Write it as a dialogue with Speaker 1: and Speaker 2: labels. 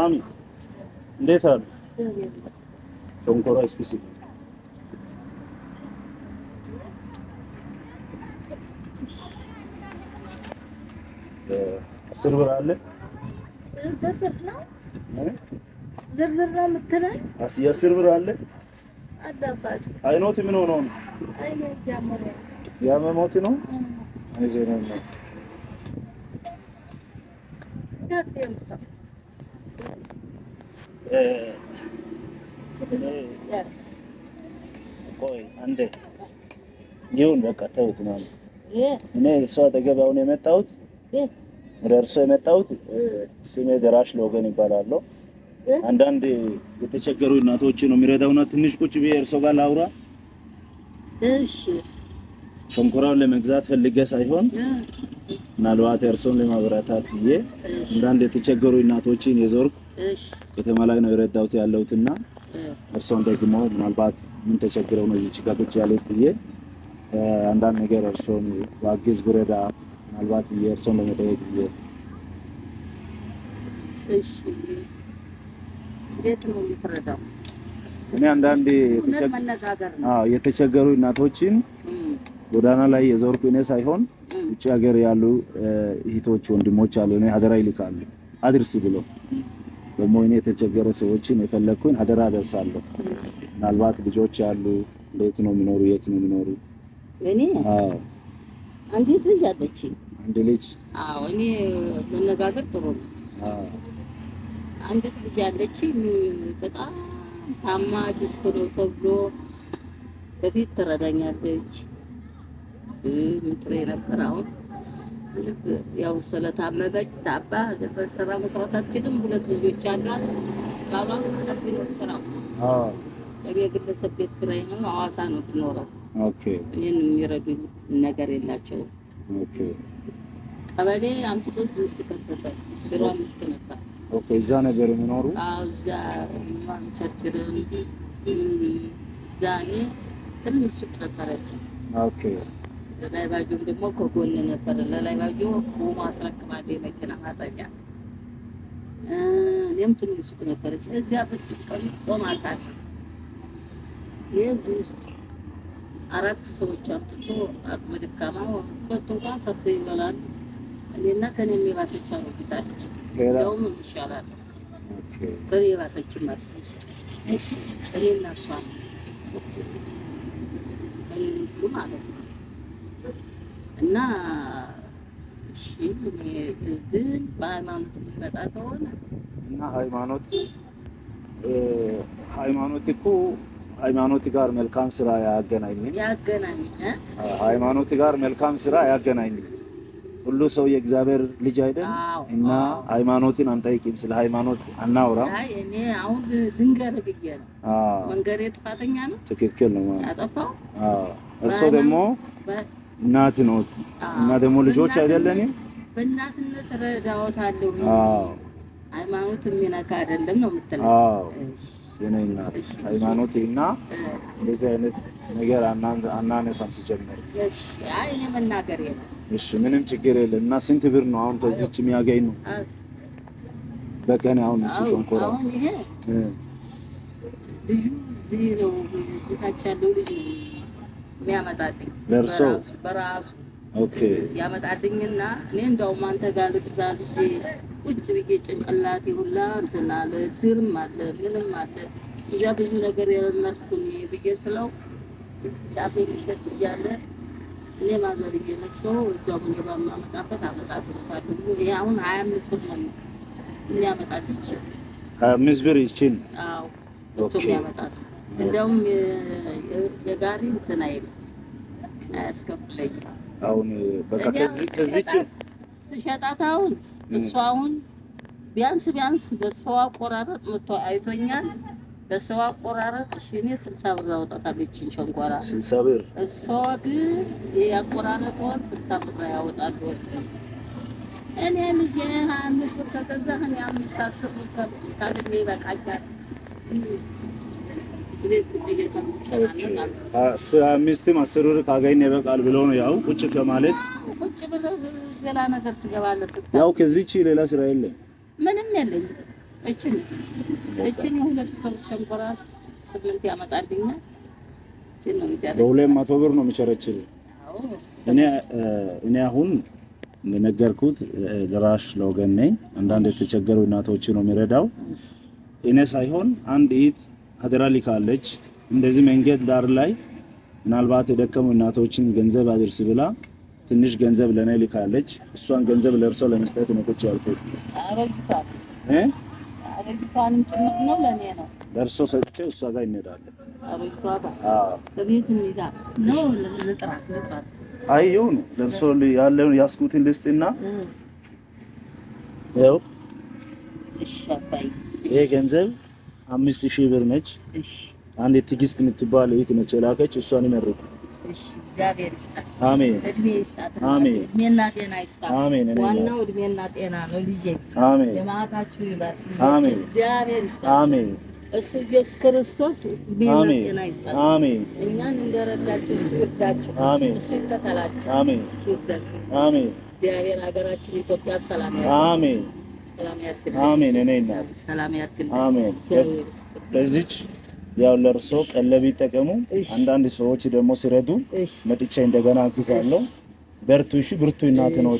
Speaker 1: ማሚ እንዴት አሉ? ሸንኮራ እስኪ ስጥ አስር ብር አለ
Speaker 2: ዝርዝር ነው የምትለኝ?
Speaker 1: የአስር ብር አለ አዳባት አይኖት ምን ሆኖ ነው? ያመሞት ነው አይዞህ ነው ቆይ አንዴ ይሁን፣ በቃ ተውት ማለት እኔ እሷ አጠገብ አሁን የመጣሁት ወደ እርሶ የመጣሁት ስሜ ደራሽ ለወገን ይባላል። አንዳንድ የተቸገሩ እናቶች ነው የሚረዳውና ትንሽ ቁጭ ብዬ እርሶ ጋር ላውራ። እሺ፣ ሸንኮራውን ለመግዛት ሳይሆን ምናልባት እርሶን ብዬ አንዳንድ የተቸገሩ እናቶችን የዞርኩ ከተማ ላይ ነው የረዳሁት ያለሁት እና እርሷን ደግሞ ምናልባት ምን ተቸግረው ነው እዚህ ችጋቶች ያሉት ብዬ አንዳንድ ነገር እርሶን በአግዝ ብረዳ ምናልባት ብዬ እርሶን ለመጠየቅ ብዬ።
Speaker 2: እሺ ነው
Speaker 1: እኔ አንዳንዴ የተቸገሩ እናቶችን ጎዳና ላይ የዞርኩ እኔ ሳይሆን ውጭ ሀገር ያሉ እህቶች፣ ወንድሞች አሉ እኔ ሀደራ ይልካሉ አድርስ ብሎ ደግሞ እኔ የተቸገረ ሰዎችን የፈለግኩኝ አደራ ደርሳለሁ። ምናልባት ልጆች ያሉ እንዴት ነው የሚኖሩ? የት ነው የሚኖሩ?
Speaker 2: እኔ አንዲት ልጅ አለች አንድ ልጅ? አዎ። እኔ መነጋገር ጥሩ ነው። አንዲት ልጅ አለች በጣም ታማ ዲስክ ነው ተብሎ በፊት ትረዳኛለች። ምትሬ ነበር አሁን ያው ስለታመመች ታባ በስራ መስራታችንም ሁለት ልጆች አሏት። ባሏም ሰፊ ነው ስራው። የግለሰብ ቤት ኪራይ ነው። ሐዋሳ ነው ትኖረው። ይህን የሚረዱ ነገር የላቸውም። ቀበሌ አምጥቶት ውስጥ ከተተ ቢሮ አምስት ነበር።
Speaker 1: እዛ ነገር የሚኖሩ
Speaker 2: እዛ ቸርችርን ዛኔ ትንሽ ሱቅ ነበረችን ለላይባጆም ደግሞ ከጎን ነበር። ለላይ ለላይባጆ ቁሞ አስረክባለ የመኪና ማጠቢያ እኔም ትንሽ ሱቅ ነበረች። እዚያ ብትቀም ጾም አጣት የዚህ ውስጥ አራት ሰዎች አምጥቶ አቅመ ደካማ ሁለቱ እንኳን ሰርተ ይበላሉ። እኔና ከኔ የባሰች አሮጊታለች። ያውም ይሻላል ከኔ የባሰች ማለት ውስጥ እኔ እና እሷ ማለት ነው እና እሺ እኔ ግን በሃይማኖት የሚመጣ ከሆነ
Speaker 1: እና ሃይማኖት ሃይማኖት እኮ ሃይማኖት ጋር መልካም ስራ ያገናኝ ያገናኝ ሃይማኖት ጋር መልካም ስራ ያገናኝ። ሁሉ ሰው የእግዚአብሔር ልጅ አይደል? እና ሃይማኖትን አንጠይቅም፣ ስለ ሃይማኖት አናውራም።
Speaker 2: እኔ አሁን ድንገር ብዬ ነው። አዎ ጥፋተኛ ነው። ትክክል ነው። ያጠፋው።
Speaker 1: አዎ እርሶ ደግሞ እናት ኖት እና ደግሞ ልጆች አይደለን
Speaker 2: በእናትነት ረዳዎታለሁ። አዎ ሃይማኖት የሚነካ አይደለም ነው የምትለው?
Speaker 1: አዎ የኔ እናት ሃይማኖት እና እንደዚህ አይነት ነገር አናነሳም። ሲጀምር
Speaker 2: እኔ መናገር የለም።
Speaker 1: እሺ ምንም ችግር የለም። እና ስንት ብር ነው አሁን ከዚች የሚያገኝ ነው በቀን አሁን እቺ
Speaker 2: ሾንኮራ ሸንኮራ ልጁ እዚህ ነው እዚህ ታች ያለው ልጅ ነው የሚያመጣልኝ ነርሶ በራሱ ያመጣልኝና እኔ እንደውም አንተ ጋር ልግዛ ልጄ ቁጭ ብዬ ጭንቅላቴ ሁላ እንትን አለ፣ ድርም አለ፣ ምንም አለ እዚያ ብዙ ነገር የለመድኩኝ ብዬ ስለው ጫፍ የሚሸጥ እያለ እኔ ማዘር እየነሶ እዚያው ምን በማመጣበት አመጣት ብሎታል። ይሄ አሁን ሀያ አምስት ብር ነው የሚያመጣት ይችል
Speaker 1: ሀያ አምስት ብር ይችል። እሱ የሚያመጣት
Speaker 2: እንደውም የጋሪ እንትን አይልም አያስከፍለኝም።
Speaker 1: አሁን በቃ ከዚህ ከዚች
Speaker 2: ስሸጣት አሁን እሱ አሁን ቢያንስ ቢያንስ በሰው አቆራረጥ መቶ አይቶኛል። በሰው አቆራረጥ እሺ፣ እኔ ስልሳ ብር አወጣታለችን ሸንኮራ ስልሳ ብር እሷ ግን የአቆራረጥ ስልሳ ብር ያወጣል ወጥ እኔ ልጄ ሀያ አምስት ብር ከገዛህ እኔ አምስት አስር ብር ካገኘ ይበቃኛል።
Speaker 1: ሚስትም አስር ብር ካገኘ ይበቃል ብሎ ነው ያው ቁጭ ከማለት
Speaker 2: ቁጭ ብለህ ሌላ ነገር ትገባለህ።
Speaker 1: ያው ከዚህች ሌላ ስራ የለም፣
Speaker 2: ምንም የለኝ። እችን እችን የሁለት ከብት ሸንኮራ ስምንት ያመጣልኛል።
Speaker 1: በሁለት መቶ ብር ነው የሚቸረችል። እኔ አሁን እንደነገርኩት ደራሽ ለወገን ነኝ። አንዳንድ የተቸገሩ እናቶችን ነው የሚረዳው እኔ ሳይሆን አንድ ኢት አደራ ልካለች። እንደዚህ መንገድ ዳር ላይ ምናልባት የደከሙ እናቶችን ገንዘብ አድርስ ብላ ትንሽ ገንዘብ ለኔ ልካለች። እሷን ገንዘብ ለእርሶ ለመስጠት ነው ቁጭ ያልኩት። ለእርሶ ሰጥቼ እሷ ጋር እንሄዳለን።
Speaker 2: አረግቷታ አዎ፣ ነው
Speaker 1: ለእርሶ ያለውን ያስኩትን ልስጥና ያው ይሄ ገንዘብ አምስት ሺህ ብር ነች። አንድ ትግስት የምትባል እህት ነች የላከች። እሷን ይመርቁ።
Speaker 2: እግዚአብሔር ይስጣት። እሱ ኢየሱስ ክርስቶስ
Speaker 1: ጤና አሜን።
Speaker 2: እኛን እንደረዳችሁ እሱ ይርዳችሁ። አሜን። እሱ ይከተላችሁ። አሜን። ይርዳችሁ። አሜን። እግዚአብሔር ሀገራችን ኢትዮጵያ ሰላም
Speaker 1: አሜን። አሜን።
Speaker 2: እኔ እናት አሜን።
Speaker 1: በዚች ያው ለእርሶ ቀለብ ይጠቀሙ። አንዳንድ ሰዎች ደግሞ ሲረዱ መጥቻ እንደገና አግዛለሁ። በርቱ። እሺ፣ ብርቱ እናት ነው።